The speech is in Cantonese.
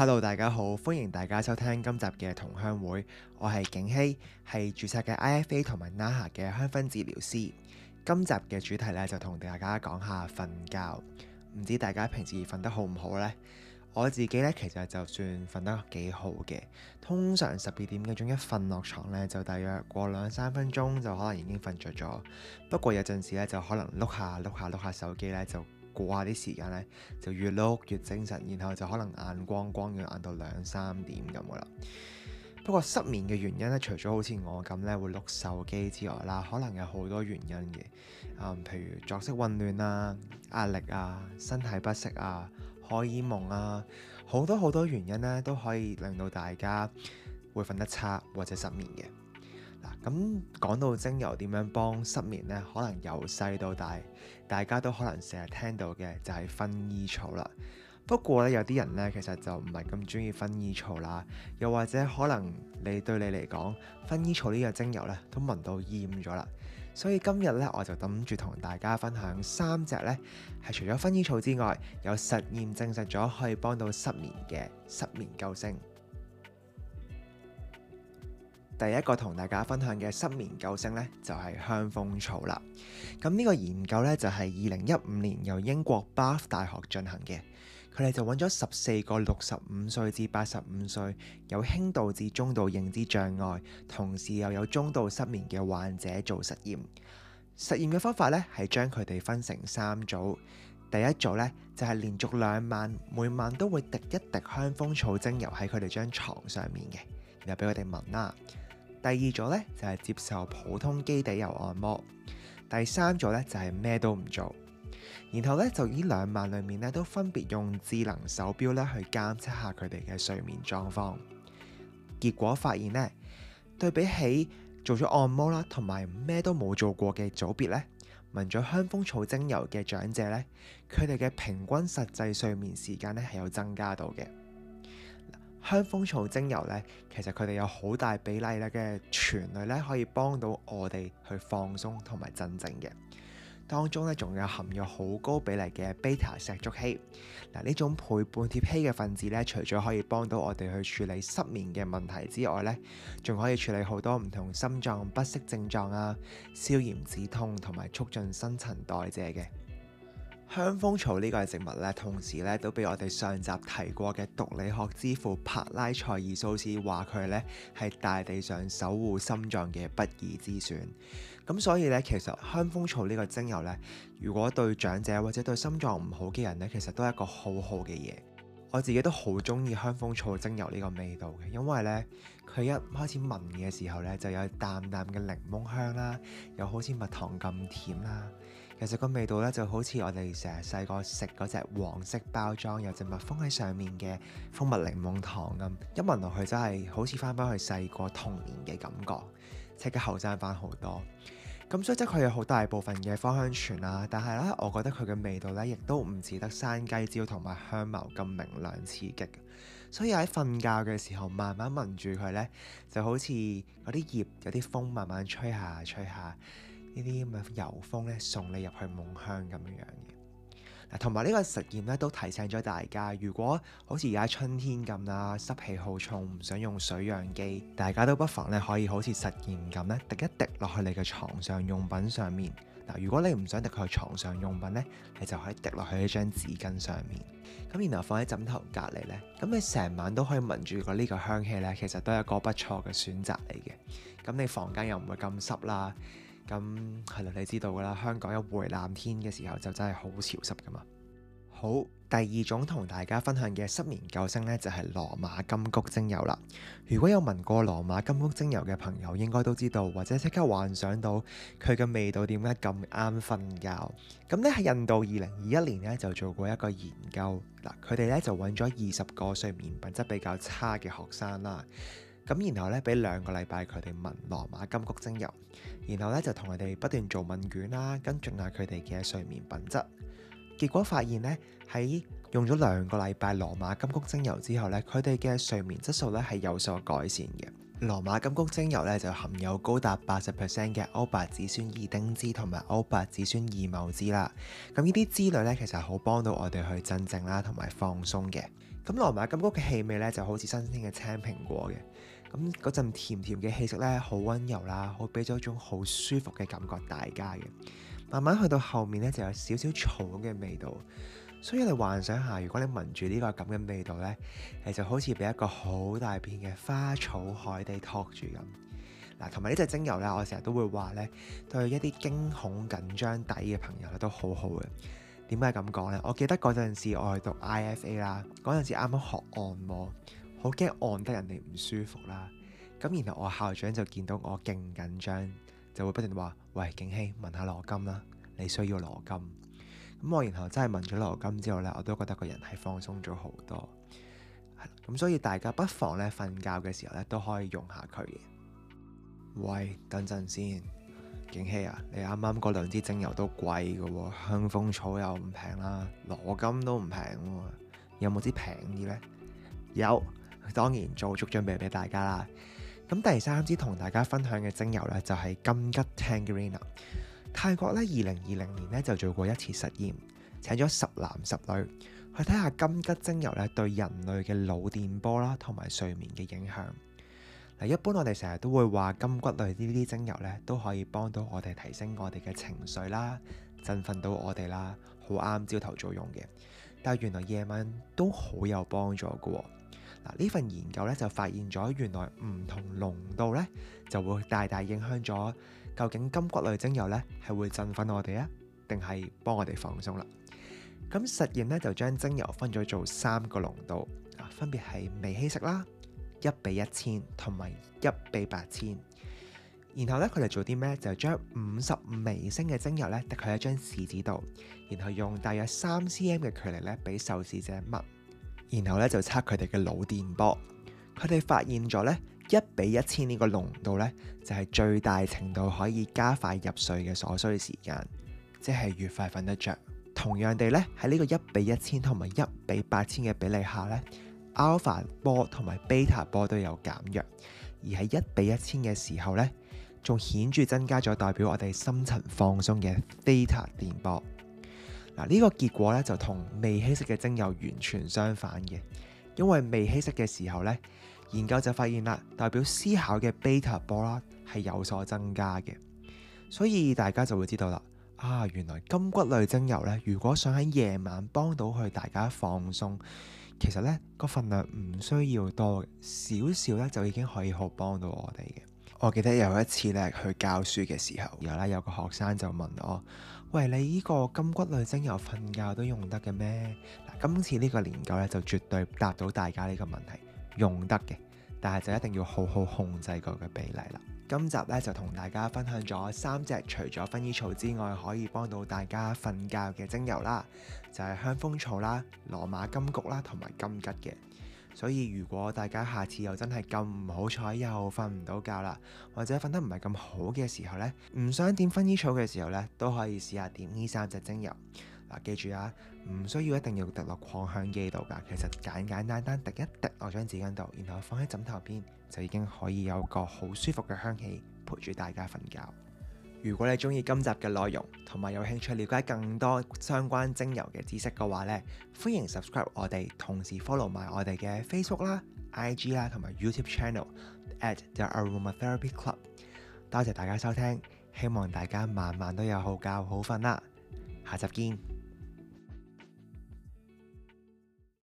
Hello 大家好，歡迎大家收聽今集嘅同鄉會，我係景熙，係注冊嘅 IFA 同埋 NAHA 嘅香薰治療師。今集嘅主題呢，就同大家講下瞓覺，唔知大家平時瞓得好唔好呢？我自己呢，其實就算瞓得幾好嘅，通常十二點幾鐘一瞓落床呢，就大約過兩三分鐘就可能已經瞓着咗。不過有陣時呢，就可能碌下碌下碌下下手機呢。就。過下啲時間呢就越碌越精神，然後就可能眼光光，要眼到兩三點咁噶啦。不過失眠嘅原因咧，除咗好似我咁咧會碌手機之外啦，可能有好多原因嘅。啊、嗯，譬如作息混亂啊、壓力啊、身體不適啊、荷爾蒙啊，好多好多原因呢都可以令到大家會瞓得差或者失眠嘅。咁講到精油點樣幫失眠呢，可能由細到大，大家都可能成日聽到嘅就係薰衣草啦。不過咧，有啲人咧其實就唔係咁中意薰衣草啦，又或者可能你對你嚟講薰衣草呢個精油咧都聞到厭咗啦。所以今日咧，我就諗住同大家分享三隻咧係除咗薰衣草之外，有實驗證實咗可以幫到失眠嘅失眠救星。第一個同大家分享嘅失眠救星呢，就係香蜂草啦。咁呢個研究呢，就係二零一五年由英國巴斯大學進行嘅，佢哋就揾咗十四個六十五歲至八十五歲有輕度至中度認知障礙，同時又有中度失眠嘅患者做實驗。實驗嘅方法呢，係將佢哋分成三組，第一組呢，就係連續兩晚，每晚都會滴一滴香蜂草精油喺佢哋張床上面嘅，然後俾佢哋聞啦。第二組咧，就係接受普通基底油按摩，第三組咧，就係咩都唔做，然後咧就呢兩晚裏面咧都分別用智能手表咧去監測下佢哋嘅睡眠狀況。結果發現咧，對比起做咗按摩啦，同埋咩都冇做過嘅組別咧，聞咗香蜂草精油嘅長者咧，佢哋嘅平均實際睡眠時間咧係有增加到嘅。香蜂草精油咧，其實佢哋有好大比例咧嘅醛類咧，可以幫到我哋去放鬆同埋鎮靜嘅。當中咧，仲有含有好高比例嘅 beta 石竹烯。嗱，呢種倍半萜烯嘅分子咧，除咗可以幫到我哋去處理失眠嘅問題之外咧，仲可以處理好多唔同心臟不適症狀啊、消炎止痛同埋促進新陳代謝嘅。香蜂草呢個植物咧，同時咧都俾我哋上集提過嘅毒理學之父帕拉塞爾蘇斯話佢咧，係大地上守護心臟嘅不二之選。咁所以咧，其實香蜂草呢個精油咧，如果對長者或者對心臟唔好嘅人咧，其實都係一個好好嘅嘢。我自己都好中意香蜂草精油呢個味道嘅，因為咧佢一開始聞嘅時候咧，就有淡淡嘅檸檬香啦，又好似蜜糖咁甜啦。其實個味道咧就好似我哋成日細個食嗰隻黃色包裝有隻蜜蜂喺上面嘅蜂蜜檸檬糖咁，一聞落去真係好似翻返去細個童年嘅感覺，即刻後生翻好多。咁所以即係佢有好大部分嘅芳香醛啦，但係咧，我覺得佢嘅味道咧亦都唔似得山雞椒同埋香茅咁明亮刺激。所以喺瞓覺嘅時候慢慢聞住佢咧，就好似嗰啲葉有啲風慢慢吹下吹下。呢啲咁嘅油風咧，送你入去夢鄉咁樣樣嘅。嗱，同埋呢個實驗咧，都提醒咗大家，如果好似而家春天咁啦，濕氣好重，唔想用水氧機，大家都不妨咧可以好似實驗咁咧，滴一滴落去你嘅床上用品上面。嗱，如果你唔想滴佢床上用品咧，你就可以滴落去呢張紙巾上面。咁然後放喺枕頭隔離咧，咁你成晚都可以聞住個呢個香氣咧，其實都係一個不錯嘅選擇嚟嘅。咁你房間又唔會咁濕啦。咁係啦，你知道噶啦，香港一回南天嘅時候就真係好潮濕噶嘛。好，第二種同大家分享嘅失眠救星呢，就係羅馬金菊精油啦。如果有聞過羅馬金菊精油嘅朋友，應該都知道或者即刻幻想到佢嘅味道點解咁啱瞓覺。咁呢，喺印度二零二一年呢，就做過一個研究嗱，佢哋呢，就揾咗二十個睡眠品質比較差嘅學生啦。咁，然後咧，俾兩個禮拜佢哋聞羅馬金菊精油，然後咧，就同佢哋不斷做問卷啦，跟進下佢哋嘅睡眠品質。結果發現呢，喺用咗兩個禮拜羅馬金菊精油之後咧，佢哋嘅睡眠質素咧係有所改善嘅。羅馬金菊精油咧，就含有高達八十 percent 嘅歐白芷酸異丁酯同埋歐白芷酸異戊酯啦。咁呢啲酯類咧，其實好幫到我哋去鎮靜啦，同埋放鬆嘅。咁羅馬金菊嘅氣味咧，就好似新鮮嘅青蘋果嘅。咁嗰陣甜甜嘅氣息咧，好溫柔啦，好俾咗一種好舒服嘅感覺大家嘅。慢慢去到後面咧，就有少少草嘅味道。所以你幻想下，如果你聞住呢個咁嘅味道咧，誒就好似俾一個好大片嘅花草海地託住咁。嗱，同埋呢隻精油咧，我成日都會話咧，對一啲驚恐緊張底嘅朋友咧都好好嘅。點解咁講呢？我記得嗰陣時我係讀 IFA 啦，嗰陣時啱啱學按摩。好驚按得人哋唔舒服啦，咁然後我校長就見到我勁緊張，就會不斷話：喂景熙，問下羅金啦，你需要羅金。咁我然後真係問咗羅金之後呢，我都覺得個人係放鬆咗好多。係啦，咁所以大家不妨呢，瞓覺嘅時候呢都可以用下佢嘅。喂，等陣先，景熙啊，你啱啱嗰兩支精油都貴嘅喎，哦，香蜂草又唔平啦，羅金都唔平喎，有冇啲平啲呢？有。當然做足準備俾大家啦。咁第三支同大家分享嘅精油呢，就係金桔 Tangerina。泰國咧，二零二零年咧就做過一次實驗，請咗十男十女去睇下金桔精油咧對人類嘅腦電波啦，同埋睡眠嘅影響。嗱，一般我哋成日都會話金桔類呢啲精油呢，都可以幫到我哋提升我哋嘅情緒啦，振奮到我哋啦，好啱朝頭早用嘅。但原來夜晚都好有幫助嘅。嗱，呢份研究咧就發現咗，原來唔同濃度咧就會大大影響咗，究竟柑橘類精油咧係會振奮我哋啊，定係幫我哋放鬆啦？咁實驗咧就將精油分咗做三個濃度，啊，分別係未稀釋啦，一比一千同埋一比八千。然後咧，佢哋做啲咩？就將五十五微升嘅精油咧滴喺一張試紙度，然後用大約三 cm 嘅距離咧俾受試者聞。然後咧就測佢哋嘅腦電波，佢哋發現咗咧一比一千呢個濃度咧就係、是、最大程度可以加快入睡嘅所需時間，即係越快瞓得着。同樣地咧喺呢個一比一千同埋一比八千嘅比例下咧，alpha 波同埋 beta 波都有減弱，而喺一比一千嘅時候咧，仲顯著增加咗代表我哋深層放鬆嘅 theta 電波。嗱，呢個結果咧就同未稀釋嘅精油完全相反嘅，因為未稀釋嘅時候咧，研究就發現啦，代表思考嘅 beta 波啦係有所增加嘅，所以大家就會知道啦啊，原來柑橘類精油咧，如果想喺夜晚幫到佢大家放鬆，其實咧個份量唔需要多少少咧就已經可以好幫到我哋嘅。我記得有一次咧去教書嘅時候，然後咧有個學生就問我：喂，你呢個柑橘類精油瞓覺都用得嘅咩？今次呢個研究咧就絕對答到大家呢個問題，用得嘅，但係就一定要好好控制個嘅比例啦。今集咧就同大家分享咗三隻除咗薰衣草之外，可以幫到大家瞓覺嘅精油啦，就係香蜂草啦、羅馬甘菊啦同埋金桔嘅。所以如果大家下次又真係咁唔好彩又瞓唔到覺啦，或者瞓得唔係咁好嘅時候呢，唔想點薰衣草嘅時候呢，都可以試下點呢三隻精油。嗱，啊，記住啊，唔需要一定要滴落擴香機度㗎，其實簡簡單單，單滴一滴落張紙巾度，然後放喺枕頭邊，就已經可以有個好舒服嘅香氣陪住大家瞓覺。如果你中意今集嘅內容，同埋有興趣了解更多相關精油嘅知識嘅話呢，歡迎 subscribe 我哋，同時 follow 埋我哋嘅 Facebook 啦，IG 啦同埋 YouTube Channel at The Aromatherapy Club。多謝大家收聽，希望大家晚晚都有好覺好瞓啦，下集見。